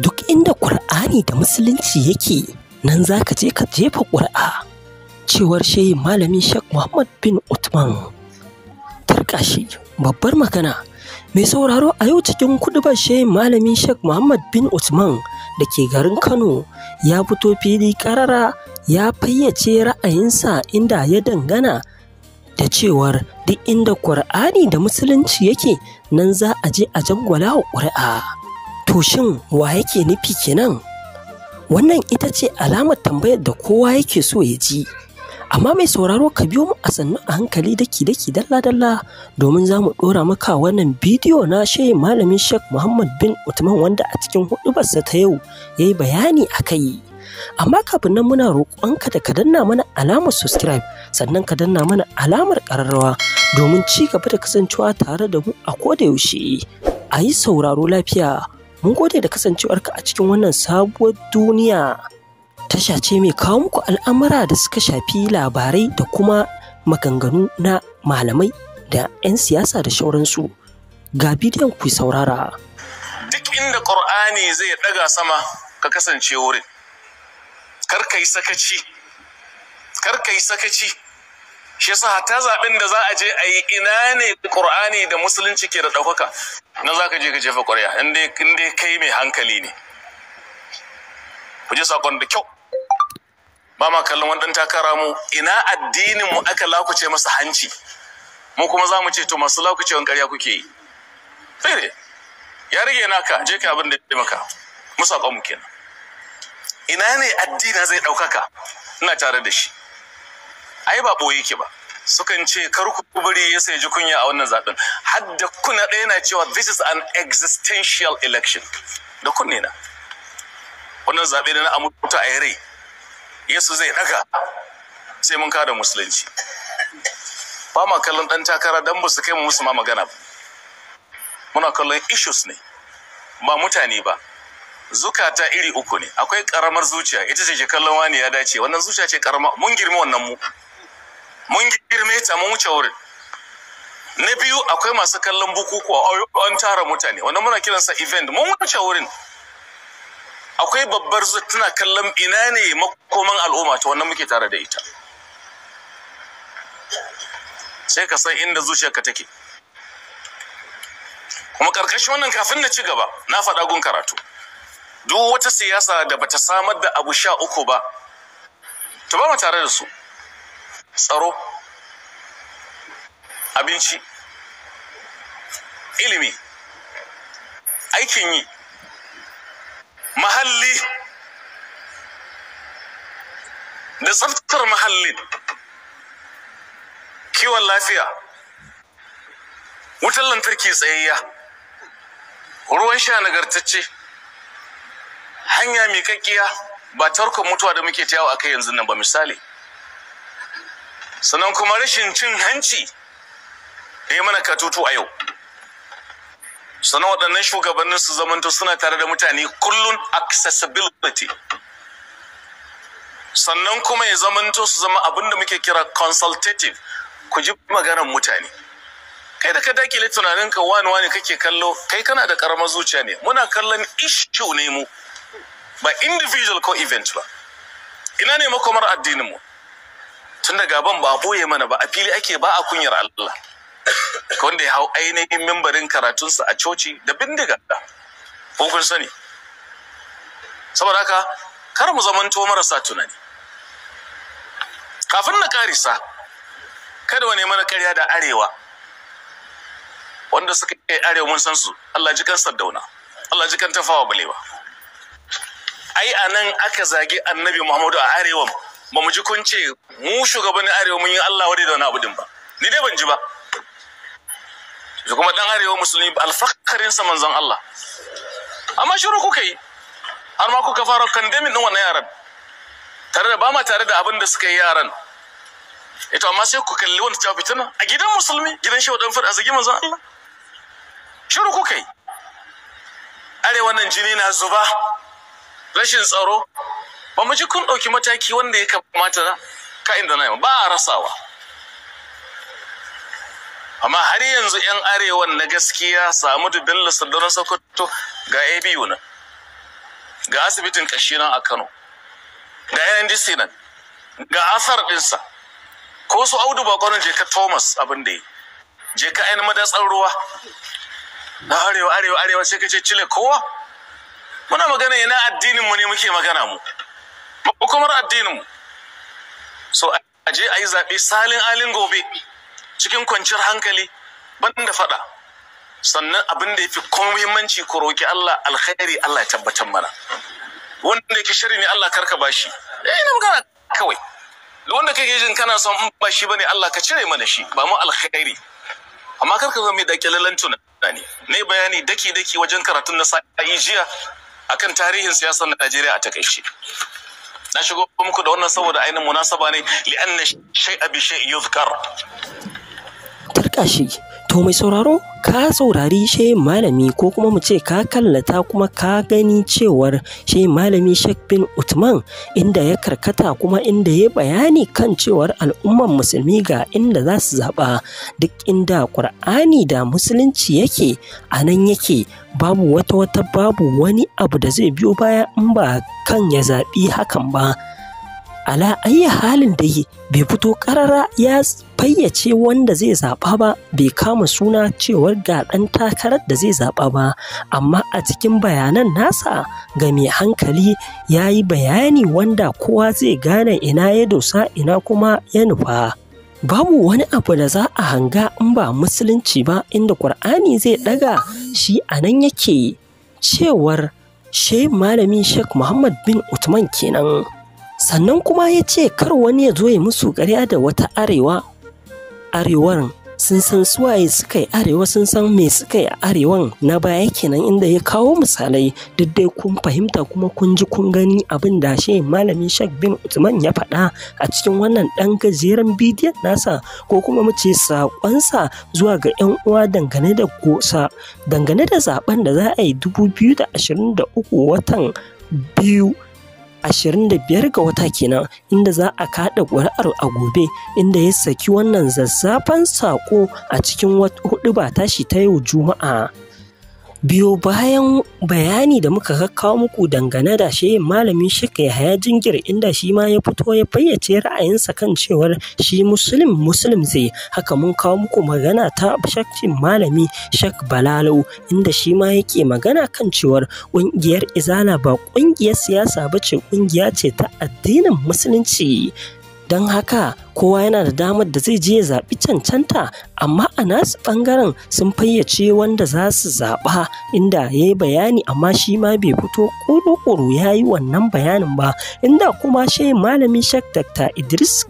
duk inda ƙur'ani da musulunci yake nan za ka je ka jefa ƙuri'a cewar shehi malamin Sheikh Muhammad bin Utman. tarkashi babbar magana mai sauraro a yau cikin ba. shehi malamin Sheikh Muhammad bin Utman da ke garin Kano ya fito fili karara ya fayyace ra'ayinsa inda ya dangana da cewar duk inda Ƙur'ani da musulunci yake nan za a je a jangwala ƙuri'a. To shin wa yake nufi kenan? Wannan ita ce alamar tambayar da kowa yake so ya ji. Amma mai sauraro ka biyo mu a sannu a hankali daki-daki dalla-dalla domin za mu ɗora maka wannan bidiyo na shehi malamin Sheikh Muhammad bin Utman wanda a cikin hudubarsa ta yau ya yi bayani a kai. Amma kafin nan muna roƙonka da ka danna mana alamar subscribe sannan ka danna mana alamar ƙararrawa domin ci gaba da kasancewa tare da mu a koda yaushe. A yi sauraro lafiya. Mun gode da kasancewarka a cikin wannan sabuwar duniya. Tasha ce mai kawo muku al'amura da suka shafi labarai da kuma maganganu na malamai da 'yan siyasa da shauransu. Ga bidiyon ku saurara. Duk inda Ƙur'ani zai ɗaga sama ka kasance wurin. sakaci. Kar yi sakaci. shi yasa hatta zaɓen da za a je a yi ina ne ƙur'ani da musulunci ke da ɗaukaka na za ka je ka jefa ƙwarya in dai kai mai hankali ne ku je sakon da kyau ba ma kallon wani ɗan takara mu ina addinin mu aka lakuce masa hanci mu kuma za mu ce to masu lakucewan ƙarya kuke yi fere ya rage naka je ka abin da ya maka mu sakon mu kenan ina ne addina zai ɗaukaka ina tare da shi ai ba boye ki ba sukan ce kar ku bari ya sai ji kunya a wannan zaben har da kuna ɗaya na cewa this is an existential election da kunne na wannan zaɓe da na amurta a rai yesu zai ɗaga sai mun kada musulunci ba ma kallon ɗan takara don ba su kai musu ma magana ba muna kallon issues ne ba mutane ba zukata iri uku ne akwai karamar zuciya ita ce ke kallon wani ya dace wannan zuciya ce karama mun girma wannan mu mun girme ta mun wuce wurin na biyu akwai masu kallon bukukuwa an tara mutane wannan muna kiransa event mun wuce wurin akwai babbar tana kallon ina ne makoman al'umma ta wannan muke tare da ita sai ka san inda zuciyarka take kuma karkashin wannan kafin na ci gaba na faɗa gun karatu duk wata siyasa da bata samar da abu sha uku ba ta ba mu tare da su tsaro abinci ilimi aikin yi mahalli da tsaftar mahallin kiwon lafiya wutar lantarki tsayayya ruwan sha nagartacce hanya miƙaƙƙiya ba tarkon mutuwa da muke tayawa a kai yanzu nan ba misali sannan kuma rashin cin hanci da ya mana katutu a yau sannan waɗannan shugabannin su zamanto suna tare da mutane kullum accessibility sannan kuma ya zamanto su zama abin da muke kira consultative ku ji maganar mutane kai da ka dakile tunaninka wani wani kake kallo kai kana da karamar zuciya ne muna kallon issue ne mu ba individual ko event ba ina ne makomar addinin mu tun daga gaban ba a boye mana ba a fili ake ba a kunyar Allah ka wanda ya hau ainihin mimbarin karatunsa a coci da bindiga ko kun sani saboda haka kar mu zamanto marasa tunani kafin na karisa kada wani mana karya da arewa wanda suka yi arewa mun san su Allah ji kan sardauna Allah ji kan tafawa balewa ai anan aka zagi annabi Muhammadu a arewa ba mu ji kun ce mu shugabannin arewa mun yi Allah wadai da wani abu din ba ni dai ban ji ba kuma dan arewa musulmi ba alfakarin sa manzon Allah amma shiru kuka yi har ma kuka fara kandemin din wannan yaran tare da ba ma tare da abin da suka yi yaran ita eh amma sai ku kalli wanda ta fitina a gidan musulmi gidan shehu dan fara zagi manzon Allah shiru kuka yi arewa nan jini na zuba rashin tsaro ba mu ji kun ɗauki mataki wanda ya kamata ka inda na ba a rasawa amma har yanzu 'yan arewan na gaskiya samu da bello sardaunar sokoto ga abu nan ga asibitin kashi nan a kano ga ndc nan ga asar ɗinsa ko su audu bakonin jeka thomas abin da yi jeka ainihin madatsar ruwa na arewa arewa arewa sai ka ce cile kowa muna magana yana addinin mu ne muke magana mu makomar addininmu so a je a yi zaɓe salin alin gobe cikin kwanciyar hankali ban da faɗa sannan abin da ya fi kuma muhimmanci ku roƙi Allah alkhairi Allah ya tabbatar mana wanda yake shiri ne Allah karka bashi eh ina magana kawai wanda kake jin kana son in ba shi bane Allah ka cire mana shi ba mu alkhairi amma karka zo mai dakilalan tunani ne bayani daki daki wajen karatun na sa'i jiya akan tarihin siyasar Najeriya a takaice na shigo muku da wannan saboda ainihin munasaba ne li'anna shay'a bi shay'in yuzkar tarkashi To mai sauraro ka saurari she malami ko kuma mu ce ka kallata kuma ka gani cewar she malami Sheikh bin Utman inda ya karkata kuma inda ya bayani kan cewar al'ummar musulmi ga inda za su zaɓa duk inda Ƙur'ani da musulunci yake a nan yake babu wata wata babu wani abu da zai biyo baya in ba kan ya zaɓi hakan ba. ala ayya halin da yi bai fito karara ya fayyace wanda zai zaɓa ba bai kama suna cewar ga ɗan takarar da zai zaɓa ba amma a cikin bayanan nasa ga mai hankali ya yi bayani wanda kowa zai gane ina ya dosa ina kuma ya nufa babu wani abu da za a hanga in ba musulunci ba inda ƙur'ani zai ɗaga shi a nan yake cewar shehu malami sheikh muhammad bin utman kenan sannan kuma ya ce kar wani ya zo ya musu ƙarya da wata arewa arewar sun san suwaye suka yi arewa sun san me suka yi a arewan na baya kenan inda ya kawo misalai duk dai kun fahimta kuma kun ji kun gani abin da shi malamin shak bin Usman ya faɗa a cikin wannan ɗan gajeren bidiyon nasa ko kuma mu ce saƙonsa zuwa ga 'yan uwa dangane da gosa dangane da zaben da za a yi 2023 watan biyu 25 ga wata kenan inda za a kada ƙuri'ar a gobe inda ya saki wannan zazzafan saƙo a cikin hudu ba tashi ta yau juma'a biyo bayan bayani da muka kawo muku dangane da shehin malamin ya haya jingir inda shi ma ya fito ya fayyace ra'ayinsa kan cewar shi Musulun Musulun zai haka mun kawo muku magana ta shakin malami shak balalau inda shi ma yake magana kan cewar ƙungiyar izala ba ƙungiyar siyasa ba ce ƙungiya ce ta addinin musulunci don haka kowa yana da damar da zai je ya zaɓi cancanta amma a nasu ɓangaren sun fayyace wanda za su zaɓa inda ya yi bayani amma shi ma bai fito ƙuruƙuru ya yi wannan bayanin ba inda kuma shi malami shek dr idris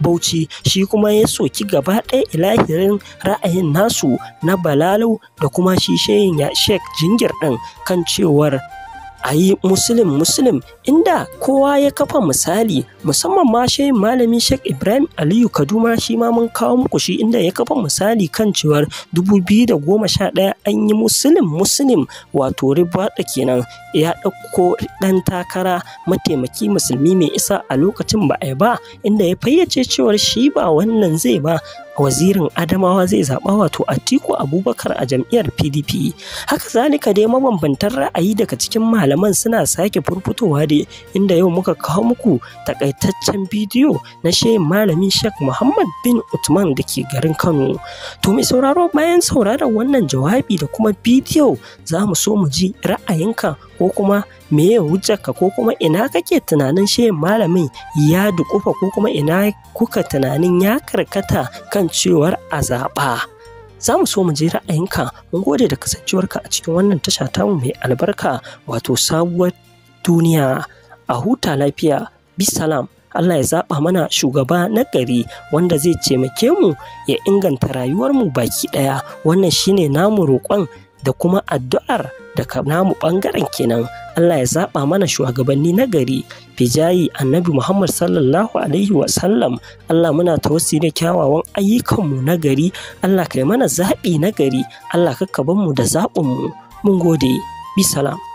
Bauchi shi kuma ya soki gaba ɗaya ilahirin ra'ayin nasu na balalau da kuma shi shehin ya shek jingir ɗin kan cewar a yi musulun musulun inda kowa ya kafa misali musamman ma shehin malami Sheikh Ibrahim Aliyu Kaduma shi ma mun kawo muku shi inda ya kafa misali kan cewar ɗaya an yi musulun muslim wato ribada kenan ya ɗauko ɗan takara mataimaki musulmi mai isa a lokacin ba a ba inda ya fayyace cewar shi ba wannan zai ba wazirin adamawa zai zaɓa wato atiku abubakar a jam'iyyar pdp haka zalika dai mabambantan ra'ayi daga cikin malaman suna sake furfutowa dai inda yau muka kawo muku takaita ƙayataccen bidiyo na shehin malamin Sheikh Muhammad bin Utman da ke garin Kano. To mai sauraro bayan sauraron wannan jawabi da kuma bidiyo za mu so mu ji ra'ayinka ko kuma meye ka ko kuma ina kake tunanin shehin malamin ya dukufa ko kuma ina kuka tunanin ya karkata kan cewar azaba? za mu so mu je ra'ayinka mun gode da kasancewarka a cikin wannan tasha tamu mai albarka wato sabuwar duniya a huta lafiya bisalam Allah ya zaɓa mana shugaba na gari wanda zai taimake mu ya inganta rayuwarmu baki ɗaya wannan shine namu roƙon da kuma addu'ar da namu ɓangaren kenan Allah ya zaɓa mana shugabanni na gari fijayi annabi Muhammad sallallahu alaihi sallam Allah muna tawassi da kyawawan ayyukanmu na gari Allah kai mana zaɓi na gari Allah kakkabanmu da zaɓinmu mun gode bisalam